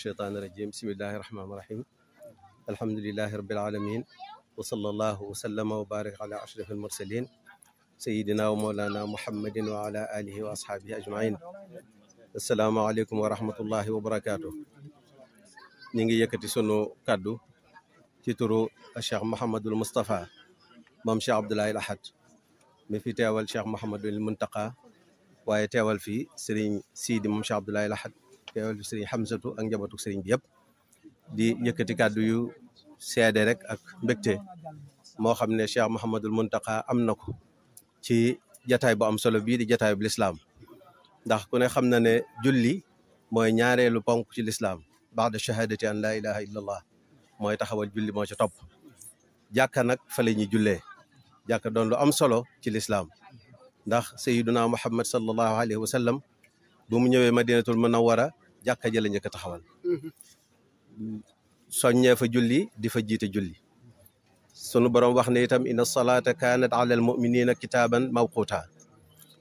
sheytaani rajim bismillahi rahmaani rahim alhamdulilahi rabbil alamin wa sallallahu wa sallama wa barik ala ashrafil mursalin sayidina wa mawlana muhammadin wa ala alihi wa ashaabihi ajmain asalaamaaleykum wa rahmatullahi wa barakaatu ñu ngi yëkkati sunu kàddu ci turu cheikh Mouhamadul Moustapha moom cheikh Abdoulaye Lahad mi fi teewal cheikh Mouhamadul Muntaqa waaye teewal fii sëriñ Sidi moom cheikh Abdoulaye Lahad teewlu sëriñ Hamsatu ak njabootu sëriñ bi yëpp di yëkkati kàddu yu seede rek ak mbekte moo xam ne Cheikh Mouhamadul Mountakha am na ko ci jataay bu am solo bii di jataay bu lislaam ndax ku ne xam na ne julli mooy ñaareelu ponk ci lislaam ba'da shahadati an laa ilaha illallah mooy taxawal julli moo ci topp jàkka nag fa la ñuy jullee jàkka doon lu am solo ci lislaam ndax sayyiduna muhammad sallallahu alayhi wa sallam bu mu ñëwee madinatul munawwara jàkka ja la njëkk a taxawal mm-hmm. soññee fa julli di fa jiite julli sunu borom wax ne itam inna salaata kaanat alal muminina kitaaban mawquta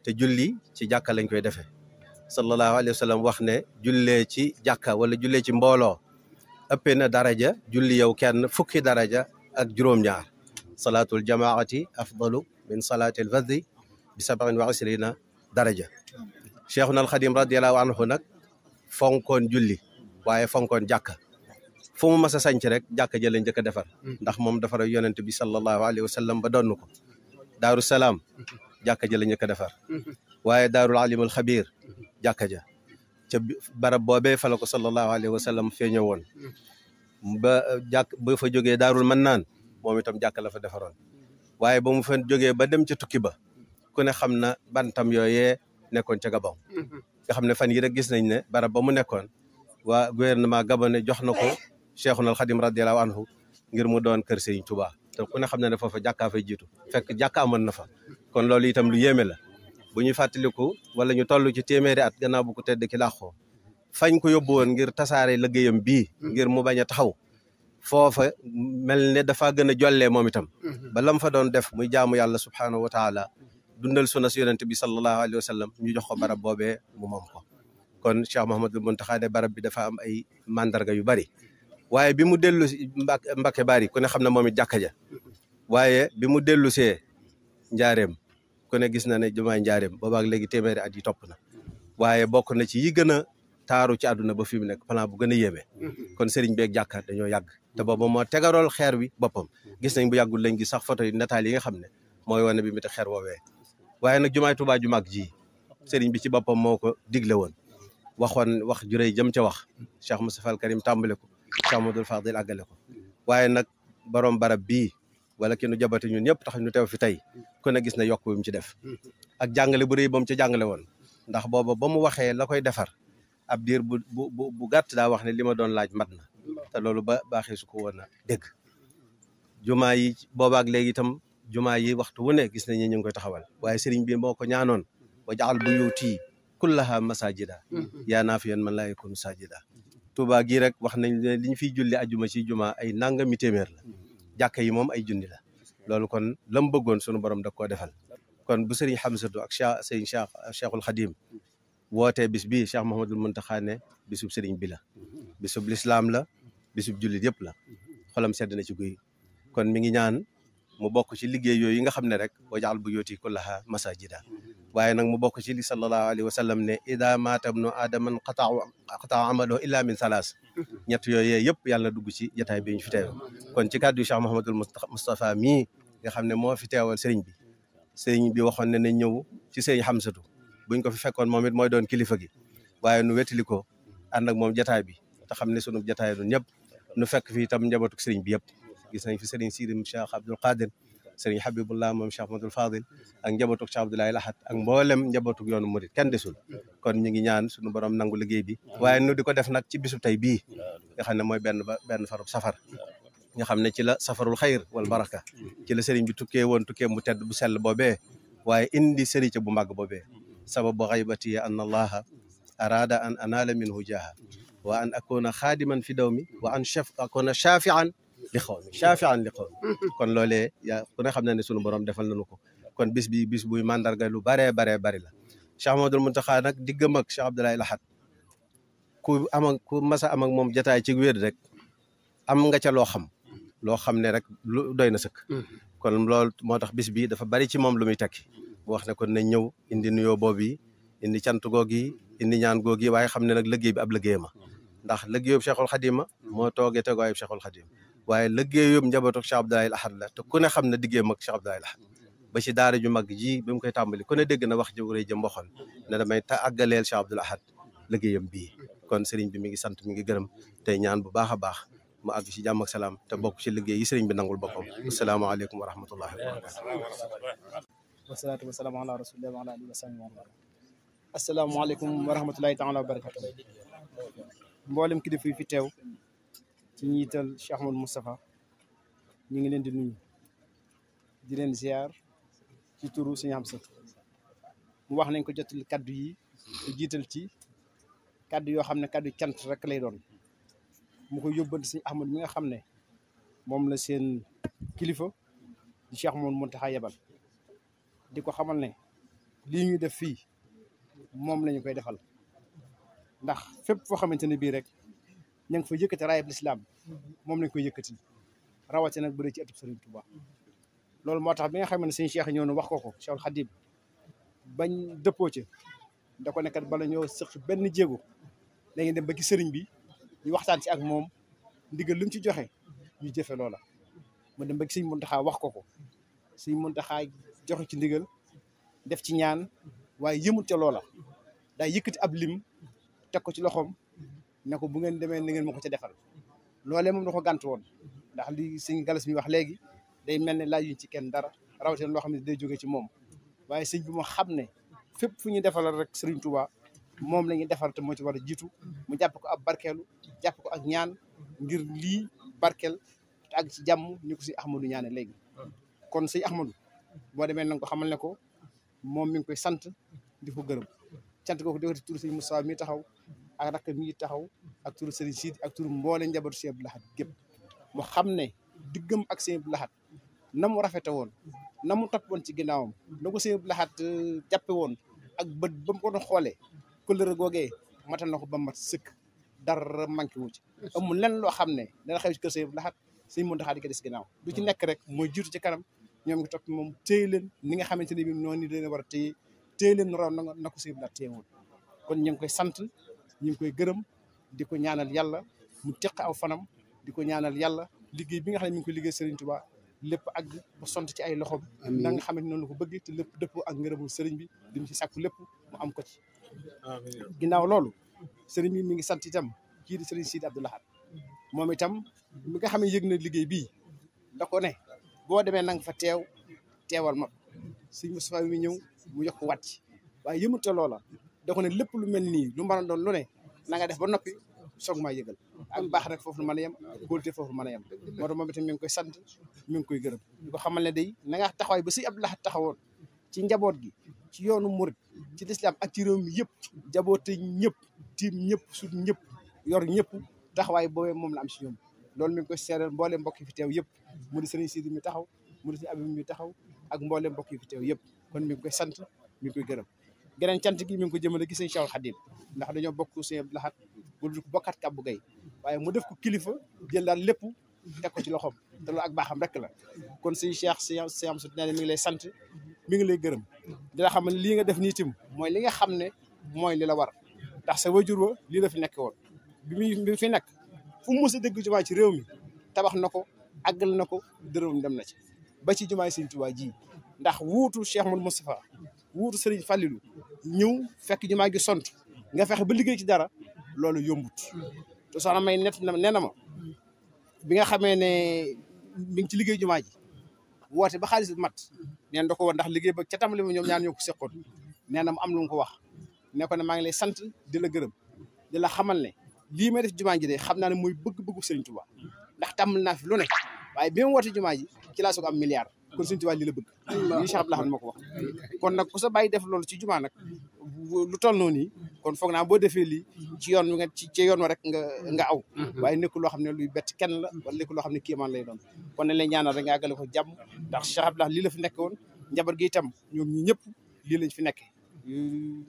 te julli ci jàkka lañ koy defe sallallahu alayhi wa wax ne jullee ci jàkka wala jullee ci mbooloo ëppee na daraja julli yow kenn fukki daraja ak juróom-ñaar salaatul jamaati afdalu min salaatil faddi bi sab'in wa ishrina daraja cheikhuna alxadim radiallahu anhu nag fonkoon juli waaye fonkoon jàkka fu mu mas a sanc rek jàkka ja la defar hmm. ndax moom defara yonent bi sallallahu alayhi wa sallam ba donn ko daaru salaam hmm. jàkka ja la njëkk a defar hmm. waaye daarul alimul xabiir jàkka ja ca barab boobee fa la ko sallallahu alayhi wa sallam feeñoo woon ba jàkk ba fa jógee daarul mannaan moom itam jàkka la fa defaroon waaye ba mu fa jógee ba dem ca tukki ba ku ne xam na bantam yooyee nekkoon ca Gabon nga xam ne fan yi rek gis ne barab ba mu nekkoon waa gouvernement gabonais jox na ko Cheikhul Khadim radiyallahu anhu ngir mu doon kër Serigne Touba te ku ne xam na ne foofa jàkkaa fay jiitu fekk jàkka amoon na fa kon loolu itam lu yéeme la bu ñu fàttaliku wala ñu toll ci téeméeri at gannaaw bu ko tedd ki làqoo fañ ko yóbbu ngir tasaare liggéeyam bi ngir mu bañ a taxaw foofa mel dafa gën a jollee moom itam mm-hmm. ba fa doon def muy jaamu yàlla subhaanahu wa dundal sunna si yonent bi sallallahu alayhi wa sallam ñu jox ko barab boobee mu moom ko kon Cheikh Mouhamadul Mountakha de barab bi dafa am ay mandarga yu bari waaye bi mu dellu si Mbacke Bari ku ne xam na moom it jàkka ja waaye bi mu dellu see njaareem ku ne gis na ne jumaay njaareem boobaak léegi téeméeri at yi topp na waaye bokk na ci yi gën a taaru ci àdduna ba fi mu nekk plan bu gën a kon sëriñ beeg jàkka dañoo yàgg te booba mo tegarool xeer wi boppam gis nañ bu yàggul lañ gi sax photo yi nataal yi nga xam ne mooy wane bi mi xeer woowee waaye nag jumaay Tuubaa ju mag ji sëriñ bi ci boppam moo ko digle woon waxoon wax jurëy jëm ca wax Cheikh Moustapha Al Karim tàmbale ko Cheikh Modou Fadil àggale ko waaye nag borom barab bii wala kenn nu jabate ñun ñëpp tax ñu teew fi tey kon a gis na yokk bi mu ci def ak jàngale bu rëy ba mu ca jàngale woon ndax booba ba mu waxee la koy defar ab diir bu bu bu gàtt wax ne li ma doon laaj mat na te loolu ba baaxee su ko woon a dégg jumaa yi boobaak léegi itam jumaa yi waxtu wu ne gis nañu ñu ngi koy taxawal waaye sëriñ bi moo ko ñaanoon wa jaxal bu yuutii kullaha masajida mm-hmm. yaa naa fi yoon man laa yakun sajida Tuubaa gii rek wax nañ ne li ñu fiy julli ajuma ci jumaa ay nangami téeméer la mm-hmm. jàkka yi moom ay junni la loolu kon lam bëggoon sunu borom da koo defal kon bu sëriñ Xamsatu ak Cheikh sëriñ Cheikh Cheikhul Xadim wootee bis bii Cheikh Mouhamadul Muntaxa ne bisub sëriñ bi la mm-hmm. bisub lislaam la bisub jullit yëpp la xolam sedd na ci guy kon mi ngi ñaan mu bokk ci liggéey yooyu nga xam ne rek jaxal bu yooti kullaha masajida waaye nag mu bokk ci li sallallahu alayhi wa sallam ne ida maata bnu aadaman qataa qataa amaluhu illa min salaas ñett yooyee yëpp yàlla dugg ci jataay bi ñu fi teew kon ci kàddu Cheikh Mouhamadul Moustapha mii nga xam ne moo fi teewal seriñ bi sëriñ bi waxoon ne nañ ñëw ci sëriñ Xamsatu buñ ko fi fekkoon moom it mooy doon kilifa gi waaye nu wettali ko ànd ak moom jataay bi te xam ne sunu jataay ñëpp nu fekk fi tam njabootu sëriñ bi yëpp gis nañ fi Serigne Sidim Cheikh Abdoul Qadir Serigne Habibullah moom Cheikh Ahmadoul Fadil ak njabootug Cheikh Abdoulaye Lahat ak mboolem njabootug yoonu murit kenn desul kon ñu ñaan suñu borom nangu liggéey bi nu di ko def nag tey bii nga ne mooy benn ba benn farub safar nga xam ne ci la safarul xayr wal baraka ci la Serigne bi tukkee woon tukkee mu tedd bu sell boobe waaye indi Serigne bu màgg boobee sababu xaybati an allaha arada an anaala minhu jaaha wa an akuna xaadiman fi dawmi wa an li xaw mi chaafian li kon loolee yaa ku xam na ne sunu borom defal nañu ko kon bis bi bis buy mandarga lu baree baree bari la Cheikh Mamadul Muntaxa nag diggam ak Cheikh Abdoulaye Lahat ku am ak ku mas a am ak moom jataay ci wér rek am nga ca loo xam loo xam ne rek lu doy na sëkk mm-hmm. kon loolu moo tax bis bi dafa bari ci moom lu muy tekki bu wax ne kon nañ ñëw indi nuyoo boobu yi indi cant goog yi indi ñaan goog yi waaye xam ne nag liggéey bi ab liggéeyam ndax liggéeyub Cheikhul Xadima moo toogee tegooyub Cheikhul Xadima waaye liggéeyam njabootu Cheikh Abdoul Ahad la te ku ne xam ne liggéeyam ak Cheikh Abdoul Ahad ba ci ju mag ji bi mu koy tàmbali ku ne dégg na wax ji wuree jëm waxoon may damay ta àggaleel Cheikh Abdoul Ahad liggéeyam bi kon sëriñ bi mi ngi sant mi ngi gërëm tey ñaan bu baax a baax mu àgg ci jàmm ak salaam te bokk ci liggéey yi sëriñ bi nangul boppam asalaamaaleykum wa rahmatullahi wa barakatu wasalaatu wasalaamu ala rasulillah wa ala alihi mboolem kilifa yi fi teew ci njiital Cheikh Ahmadou Moustapha ñu ngi leen di nuyu di leen ziar ci turu Sëñ Hamsatu mu wax nañ ko jottali kaddu yi te jiital ci kaddu yoo xam ne kaddu cant rek lay doon mu ko yóbbante Sëñ Ahmadu mi nga xam ne moom la seen kilifa di Cheikh Ahmadou Mountakha yebal di ko xamal ne lii ñu def fii moom lañu koy defal ndax fépp foo xamante ne bii rek ña ngi fa yëkkati raayab lislaam moom lañ koy yëkkati rawatina nag bëri ci ëttub Sëriñ Tuubaa loolu moo tax bi nga xam ne sëñ Cheikh ñëw na wax ko ko Cheikhul Khadim bañ dëppoo ca da ko nekkat bala ñoo sëq benn jéego da ngeen dem ba sëriñ bi ñu waxtaan ci ak moom ndigal lu ci joxe ñu jëfe loola mu dem ba ci mun Muntaxaa wax ko ko sëñ Muntaxaa joxe ci ndigal def ci ñaan waaye yëmut ca loola daa yëkkati ab lim teg ko ci loxoom ne ko bu ngeen demee na ngeen ma ko ca defal loolee moom da ko gànt woon ndax li sëñ Galas mi wax léegi day mel ne laajuñ ci kenn dara rawatina loo xam ne day jóge ci moom waaye sëñ bi moo xam ne fépp fu ñuy defal rek Serigne Touba moom la ñuy defal te moo ci war a jiitu mu jàpp ko ab barkeelu jàpp ko ak ñaan ngir lii barkeel te ak ci jàmm ni ko si Ahmadou ñaane léegi kon si Ahmadou boo demee na ko xamal ne ko moom mi ngi koy sant di ko gërëm cant kooku di ko ci tur sëñ Moustapha mi taxaw ak mi yi taxaw ak turu Serigne Siidi ak turu mboole njabootu Sëñ Abdou Lahad mu xam ne diggam ak Sëñ Abdou Lahad na mu rafete woon na mu topp woon ci ginnaawam na ko Sëñ Abdou Lahad euh, woon ak bët ba mu ko doon xoolee kóllëre googee matal na ko ba mat sëkk dara manqué wu ci amul lenn loo xam ne dana xew ci kër Sëñ Sëñ Muntaxa di ko des ginnaaw du ci mm. nekk rek mooy jiitu ci kanam ñoom ngi topp moom téye leen ni nga xamante ne bi noonu leen war a téye téye leen raw na na ko Sëñ Abdou woon kon ñu ngi koy sant ñu ngi koy gërëm di ko ñaanal yàlla mu teq aw fanam di ko ñaanal yàlla liggéey bi nga xam ne mi ngi ko liggéey Serigne Touba lépp àgg ba sont ci ay loxo na nga xam ne ko bëgg te lépp dëppoo ak ngërëmul Serigne bi di mu ci sàkku lépp mu am ko ci. loolu sëriñ bi mi ngi sant itam kii di Serigne Sidi Abdou Lahad moom itam mi nga xam ne yëg na liggéey bi da ko ne boo demee na fa teew teewal ma Serigne Moustapha mi ñëw mu yokk wàcc waaye yëmut loola da ko ne lépp lu mel nii lu mën doon lu nanga def ba noppi soog maa yëgal ak baax rek foofu na mën a yem kóolute mën a yem moo tax moom itam mi ngi koy sant mi ngi koy gërëm di ko xamal ne day na nga taxawaay si Abdou Lahad taxawoon ci njaboot gi ci yoonu murit ci lislaam ak ci réew mi yëpp jaboote ñëpp tiim ñëpp sut ñëpp yor ñëpp taxawaay boobee moom la am si ñoom loolu mi ngi koy seeral mboole mbokk fi teew yëpp mu di sëriñ Sidi mi taxaw mu di sëriñ Abib taxaw ak mboole mbokk fi teew yëpp kon mi ngi koy sant mi ngi koy gërëm geneen cant gi mi ngi ko jëmale gi sëñ Cheikh Khadim ndax dañoo bokk sëñ Abdou Lahad bu bokat kàbbu gay waaye mu def ko kilifa jël daal lépp teg ko ci loxoom te loolu ak baaxam rek la kon sëñ Cheikh sëñ sëñ Amsa nee na mi ngi lay sant mi ngi lay gërëm di la lii nga def nii tim mooy li nga xam ne mooy li la war ndax sa wajur wa lii la fi nekk woon bi muy bi fi nekk fu mu mës a dégg ci réew mi tabax na ko àggal na ko dërëm dem na ci ba ci jumaay sëñ Tuubaa ji ndax wuutu Cheikh Moul Moustapha wuutu sëriñ Fallilou ñëw fekk ñu maa ngi sont nga fexe ba liggéey ci dara loolu yombut te soxna may nett na nee na bi nga xamee ne mi ngi ci liggéey jumaa ji woote ba xaalis bi mat neen da ko woon ndax liggéey ba ca tàmbali ma ñoom ñaar ñoo ko seqoon nee na am lu ko wax ne ko ne maa ngi lay sant di la gërëm di la xamal ne lii may def jumaa ji de xam naa ne mooy bëgg-bëggu sëriñ Tuubaa ndax tamul naa fi lu nekk waaye bi ma wootee jumaa ji ci laa soog am milliard kon Sëñ Tuubaa li la bëgg lii Cheikh Abdou Lahad moo ko wax kon nag ku sa bàyyi def loolu ci jumaa nag lu toll noonu yi kon foog naa boo defee lii ci yoon nga ci ci yoon wa rek nga nga aw mhm. waaye nekk loo xam ne luy bett kenn la wala loo xam ne kéemaan lay doon kon nañ lay ñaanal rek nga ko jàmm ndax Cheikh Abdou Lahad la fi nekk woon njaboot gi ñu ñëpp lii lañ fi nekk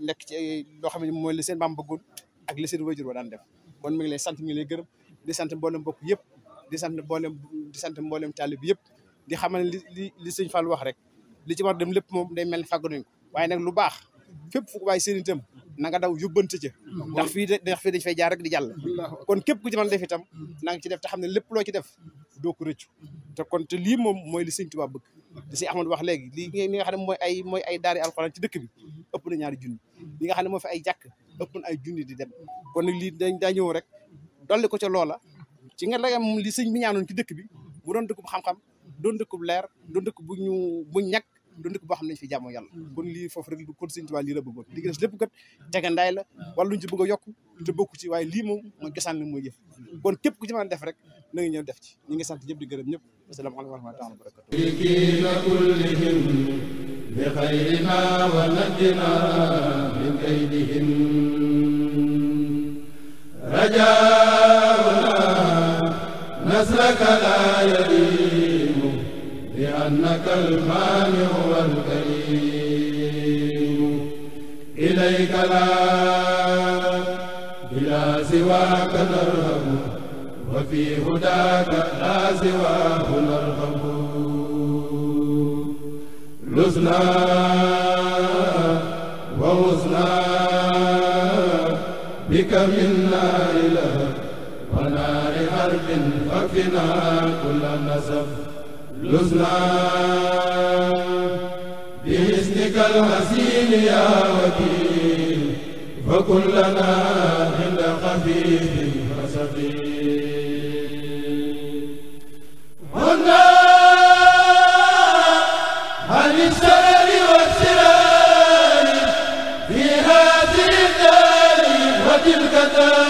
nekk ci loo xam ne mooy la seen maam bëggoon ak la seen wajur wa daan def kon mi ngi lay sant mi ngi lay gërëm di sant mboolem mbokk yëpp di sant mboolem di sant mboolem taalib yëpp di xamal li li li sëñ Fall wax rek li ci war dem lépp moom day mel ni fàgg ñu ko waaye nag lu baax fépp fu ko waaye seen itam na nga daw yóbbante ca ndax fii ndax fii dañ fay jaar rek di jàll kon képp ku ci def itam na nga def te xam ne lépp loo ci def doo te kon te lii moom mooy li sëñ Tuubaa bëgg di si Ahmadu wax léegi lii li nga xam ne mooy ay mooy ay daari alxuraan ci dëkk bi ëpp na ñaari junni li nga xam ne moo fi ay jàkk ëpp na ay junni di dem kon nag lii dañ daa ñëw rek dolli ko ca loola ci nga lagam li sëñ bi ñaanoon ci dëkk bi mu doon dëkk bu xam-xam dund ku leer dund ku bu ñu bu ñàkk dund ko boo xam ne dañu fi jaamu yàlla mm. kon lii foofu rek kon Sëñ Tuubaa lii la bëggoon li des lépp kat tegandaay la mm. wala luñ ci bëgg yokk te bokku ci waaye lii moom mooy cosaan moo mooy jëf mm. képp ku ci def rek na nga ñëw def ci ñu ngi sant ñëpp di gërëm ñëpp asalaamaaleykum wa rahmatullaahi wa barakaatuh dikiina kullihim bi xayrina أنك الخالق والكريم إليك لا بلا سواك نرغب وفي هداك لا سواه نرغب لسنا ووسنا بك منا إله ونار حرب فكنا كل نسب العزلان بحسنك الحسين يا وكيل فكن لنا عند خفيف وسقيم هنا هل السلام والسلام في هذه الدار وتلك الدار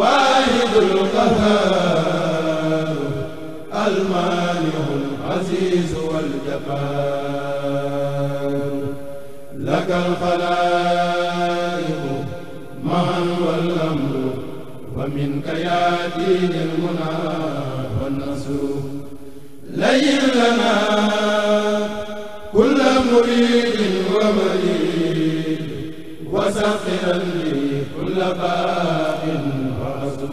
الواحد القهار المانع العزيز والجبار لك الخلائق معا والأمر ومنك يأتيه المنى والنصر لين لنا كل مريد ومريد وسخر لي كل باق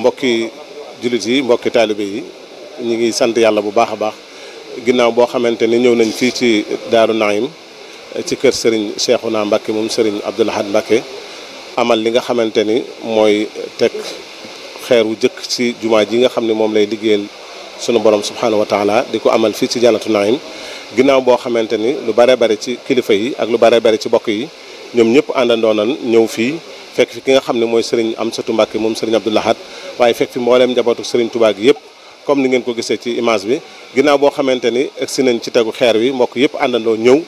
mbokki jullit yi mbokki taalibe yi ñu ngi sant yàlla bu baax a baax ginnaaw boo xamante ni ñëw nañ fii ci Daaru Naim ci kër sëriñ Serigne naa Mbacké moom sëriñ Abdoul Ahad amal li nga xamante ni mooy teg xeer wu jëkk ci jumaa ji nga xam ne moom lay liggéeyal sunu borom subhaanahu wa di ko amal fii ci Janatu Naim ginnaaw boo xamante ni lu bare bare ci kilifa yi ak lu bare bare ci bokk yi ñoom ñëpp àndandoo nañ ñëw fii fekk fi ki nga xam ne mooy sëriñ Amsatu Mbàkke moom sëriñ Abdou Lahad waaye fekk fi mbooleem njabootu sëriñ Tuubaa gi yëpp comme ni ngeen ko gisee ci image bi ginnaaw boo xamante ni egsi ci tegu xeer wi mbokk yëpp àndandoo ñëw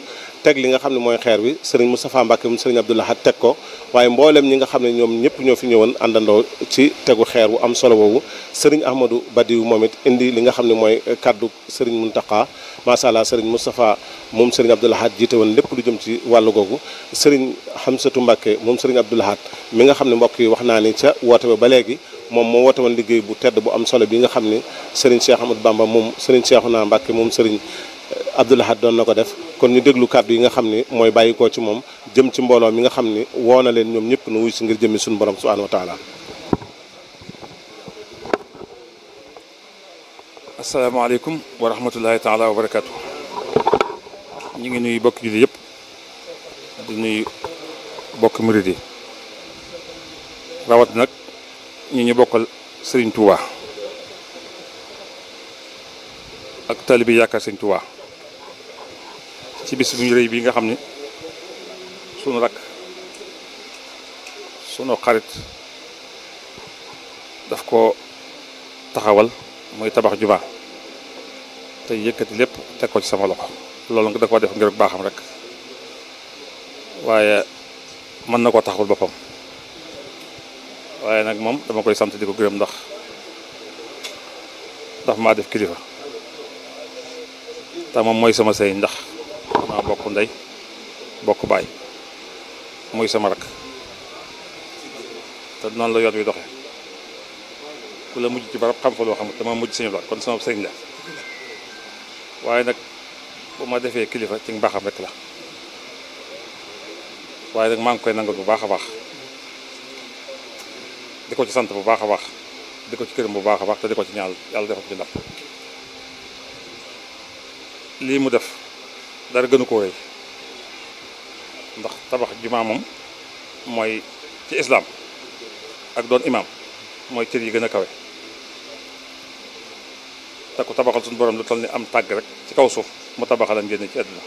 teg li nga xam ne mooy xeer bi sëriñ Moustapha Mbacke moom sëriñ Abdou Lahad teg ko waaye mbooleem ñi nga xam ne ñoom ñëpp ñoo fi ñëwoon àndandoo ci tegu xeer bu am solo woowu sëriñ Ahmadou Badiou moom it indi li nga xam ne mooy kaddu sëriñ Mountakha macha allah sëriñ Moustapha moom sëriñ Abdou Lahad jiite woon lépp lu jëm ci wàll googu sëriñ Hamsatou Mbacke moom sëriñ Abdou Lahad mi nga xam ne mbokk yi wax naa ni ca woote ba ba léegi moom moo woote woon liggéey bu tedd bu am solo bi nga xam ne sëriñ Cheikh Amadou Bamba moom sëriñ naa Mbacke moom sëriñ Abdoul Ahad doon na ko def kon ñu déglu kàddu yi nga xam ni mooy bàyyi ko ci moom jëm ci mbooloo mi nga xam ni woo na leen ñoom ñëpp nu wuy si ngir jëmmi suñu borom subhaanahu wa taala asalaamaaleykum wa rahmatullahi wa barakaatu ñu ngi nuyu bokk julli yëpp di nuyu bokk murid yi rawat nag ñu ñu bokkal Serigne Touba ak taalibi yaakaar Serigne Touba ci bis bu rëy bi nga xam ne sunu rakk sunu xarit daf ko taxawal muy tabax juma te yëkkati lépp teg ko ci sama loxo loolu nga da ko def ngir baaxam rek waaye mën na koo taxawul boppam waaye nag moom dama koy sant di ko gërëm ndax daf maa def kilifa te moom mooy sama sëriñ ndax bokk ndey bokk baay muy sama rak te noonu la yoon wi doxee ku la mujj ci barab xam fa loo xamut dama mujj sañu laat kon sama sëriñ la waaye nag bu ma defee kilifa ci mbaaxam rek la waaye nag maa ngi koy nangal bu baax a baax di ko ci sant bu baax a baax di ko ci këram bu baax a baax te di ko ci ñaan yàlla defal ko ci ndam lii mu def dara gënu ko wéy ndax tabax jumaa moom mooy ci islaam ak doon imaam mooy cër yi gën a kawe te ku tabaxal suñu borom lu toll ni am tàgg rek ci kaw suuf mu tabaxalan génn ci àdduna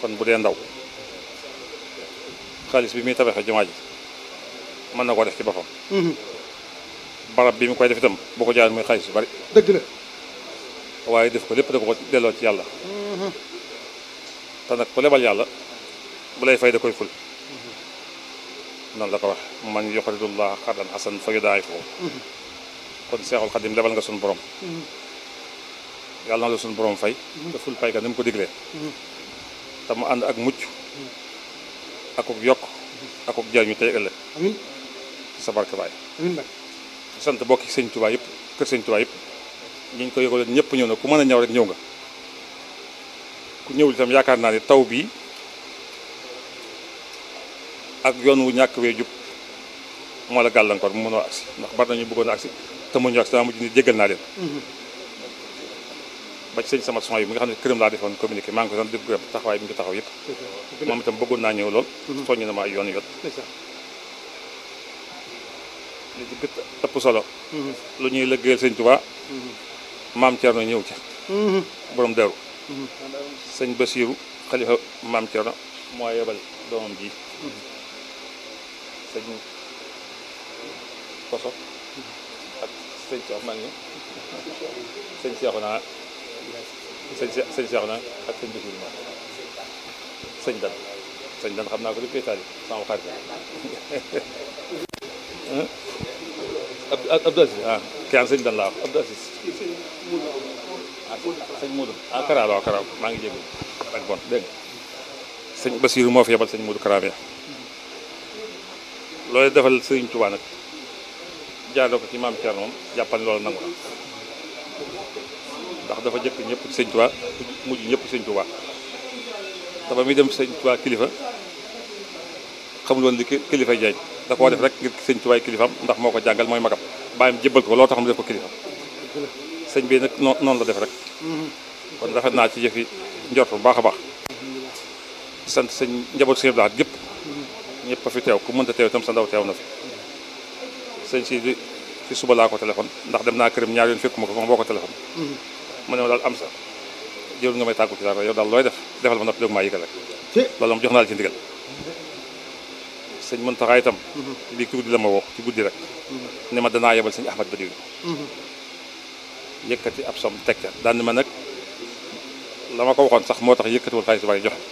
kon bu dee ndaw xaalis bi muy tabaxee jumaa ji mën na ko def ci boppam mm-hmm. barab bi mu koy def itam boo ko jaayal muy xaalis bu bari dëgg waaye def ko lépp da ko delloo ci yàlla mm-hmm. te nag ku lebal yàlla bu lay fay da koy ful mm-hmm. noonu la ko wax man yuqridullah xardan xasan fa yudaa'ifu mm-hmm. kon seexul xadim lebal nga suñu borom yàlla na la suñu borom fay te ful fay ka ni ko diglee te ànd ak mucc akuk yokk akuk jariñu tey ëllëg amiin sa barke sant bokki sëñ Tuubaa yëpp kër yëpp ñu ngi ko yëgal ñëpp ñëw na ku mën a ñëw rek ñëw nga ku ñëwul itam yaakaar naa ne taw bi ak yoon wu ñàkk wee jub moo la gàllankoor mu mënoo agsi ndax bari nañu bëggoon a agsi te mu ñu agsi dama mujj ni jéggal naa leen mhm. ba ci sëñ sama son yi mi nga xam ne këram laa defoon communiqué maa ngi ko sant di gërëm taxawaay bi nga taxaw yëpp moom itam bëggoon naa ñëw lool mhm. soññ na ma ay yoon yoon li ci gët ëpp solo mhm. lu ñuy lëggéeyal sëñ Tuubaa maam na ñëw ca. Mm-hmm. borom daru mm-hmm. sëñ Basiiru xalifa maam na moo yebal doomam ji mm-hmm. sëñ Koso ak sëñ Cheikh man ni sëñ Cheikh naa sëñ sëñ Cheikh naa ak sëñ Basiiru ma sëñ Dan sëñ Dan xam naa ko depuis Italie sama xarit Abdou Aziz ah kii am sëñ Dan laa wax Abdou Aziz. Ah, sëñ Moodu ah Kara waaw Kara maa ngi jégalu ak bon dégg nga sëñ Basiiru moo fi yebal sëñ Moodu Kara loolu defal sëriñ Tuubaa nag jaaroo ko ci maam Thierno moom jàppal loolu nangu ndax dafa jëkk ñëpp ci sëñ Tuubaa mujj ñëpp ci sëñ Tuubaa dafa muy dem sëñ Tuubaa kilifa xamul woon li kilifa jaaj da rek ngir sëñ ndax moo ko jàngal mooy magam bàyyam jébbal ko loo tax mu def ko kilifaam sëñ bi nag noonu la def rek kon rafet naa ci jëfi njort bu baax a baax sant sëñ njaboot sëñ Abdou gépp ñëpp a fi ku mënta teew itam sa ndaw teew na fi sëñ si di ci suba ko téléphone ndax dem naa këram ñaar yoon ma ko ma boo ko téléphone mu am sa jël nga may tàggu ci laa ko looy def defal ma noppi jox naa la ci ndigal sëñ Muntaxa itam mhm. lii ci guddi la ma woo ci guddi rek mhm. ne ma danaa yebal sëñ Ahmad Badiou mhm. yëkkati ab som tegca ne ma nag la ma ko waxoon sax moo tax yëkkatiwul xaalis bari joxe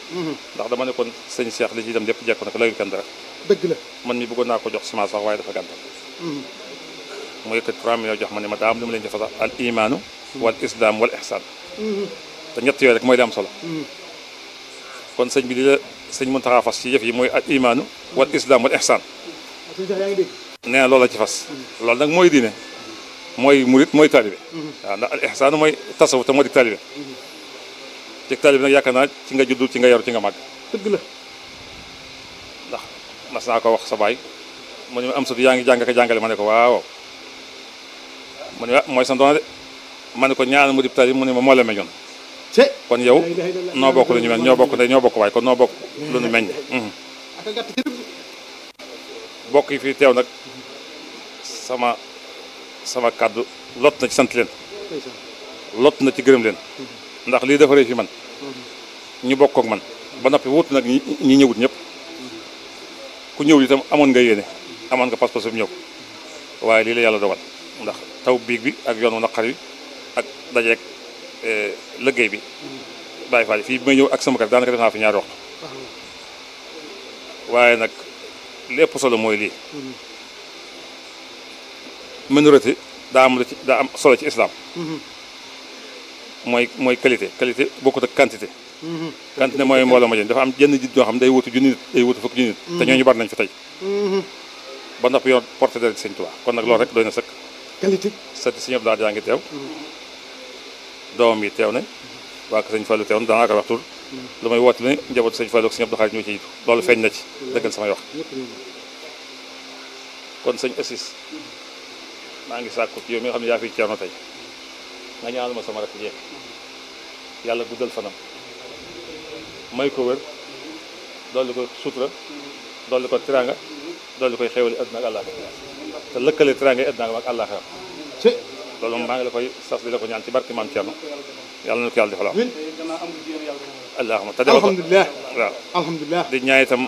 ndax dama ne kon sëñ Cheikh li ci dem yëpp jekko na ko layul kenn dara dëgg man mi bëggoon naa ko jox semence sax waaye dafa gàntal mu yëkkati 3 millions jox ma ne ma daam li ma leen ci fasa al imaanu wal islaam wal ihsaan te ñett yooyu rek mooy li solo kon sëñ bi sëñ Muntaxa fas ci yëf yi mooy al imaanu wal islaam wal ihsaan nee na ci fas loolu nag mooy diine mooy murit mooy taalibe waaw ndax al ihsaanu mooy tasawuf te moo di taalibe ci taalibe nag yaakaar naa ci nga juddu ci nga yaru ci nga màgg dëgg la ndax mas naa ko wax sa baay mu ne am satu yaa ngi jàng ka ma ne ko waaw mu ne ah, mooy sa doona de ma ne ko ñaan mu di taalibe mu ne ma moo meñoon kon yow noo bokk lu ñu mel ñoo bokk ndey ñoo bokk waaye kon noo bokk lu ñu meññ mm-hmm. bokk yi fii teew nag sama sama kàddu lot na ci sant leen lot na ci gërëm leen mm-hmm. ndax lii defaree fi man mm-hmm. ñu bokk man ba noppi wut nag ñi ñëwut ñëpp ku ñëw itam amoon nga yéene amoon nga pas-pas bu ñëw waaye lii la yàlla dogal ndax taw biig bi ak yoon wu naqar wi ak dajeek Euh, liggéey bi bàyyi faal fii bi may ñëw ak sama kër daanaka def naa fi ñaari waxtu waaye nag lépp solo mooy lii minorité daa am daa am solo ci islam mooy mooy qualité qualité bokkut ak quantité quantité mooy mbooloo ma jën dafa am jenn jit ñoo xam day wutu junni nit day wutu fukk junni nit te ñooñu bari nañ tey ba noppi yoon porté dara ci Sëñ kon nag lool rek doy na sëkk qualité sati siñu daal yaa ngi teew doomam yi teew nañ waa kër sëñ Fallou teew na daanaka wax tur lu may woote ne njabootu sëñ Fallou ak sëñ Abdou Khadre ñoo ci jiitu loolu feeñ na ci dëggal samay wax kon sëñ Assis maa ngi sàkku ci yow mi nga xam ne yaa fi ceerno tey nga ñaanal ma sama rakk jeex yàlla guddal fanam may ko wér dolli ko sutura dolli ko tiraanga dolli koy xéwali àdduna ak àllaaxira te lëkkale tiraanga yi ak àllaaxira loolu moom maa ngi la koy sas di la ko ñaan ci barke maam Thierno yàlla na ko yàlla defal allahuma te defal alhamdulilah waaw alhamdulilah di ñaan itam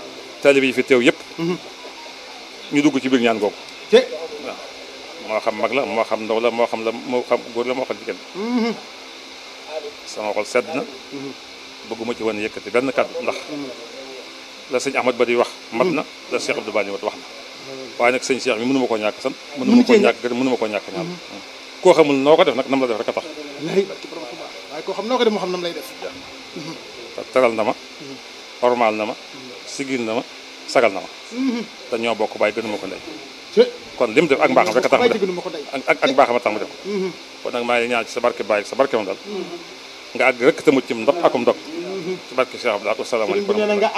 taalib yi fi teew yépp mhm. ñu dugg ci biir ñaan googu waaw moo xam mag la moo xam ndox la moo xam la moo xam góor la moo xam jigéen mhm. sama xol sedd na mhm. bëgguma ci woon yëkkati benn kàddu ndax la sëñ Ahmad ba di wax mat na la Cheikh Abdou Bani wat wax na waaye nag sëñ Cheikh mi mënuma koo ñàkk sant mënuma koo ñàkk gërëm mënuma koo xamul noo ko def nag nam la def rek a tax. koo xam noo ko def moo xam nam lay def. teral na ma. ormal na ma. sigil na ma sagal na ma. te ñoo bokk bàyyi gënu ma ko ndey. kon lim def ak mbaaxam rek a tax mu def ak ak mbaaxam a tax sa barke bàyyi sa barke moom daal. nga àgg rek te muccum ndap akum ndog. ci barke Cheikh Abdoulaye asalaamaaleykum.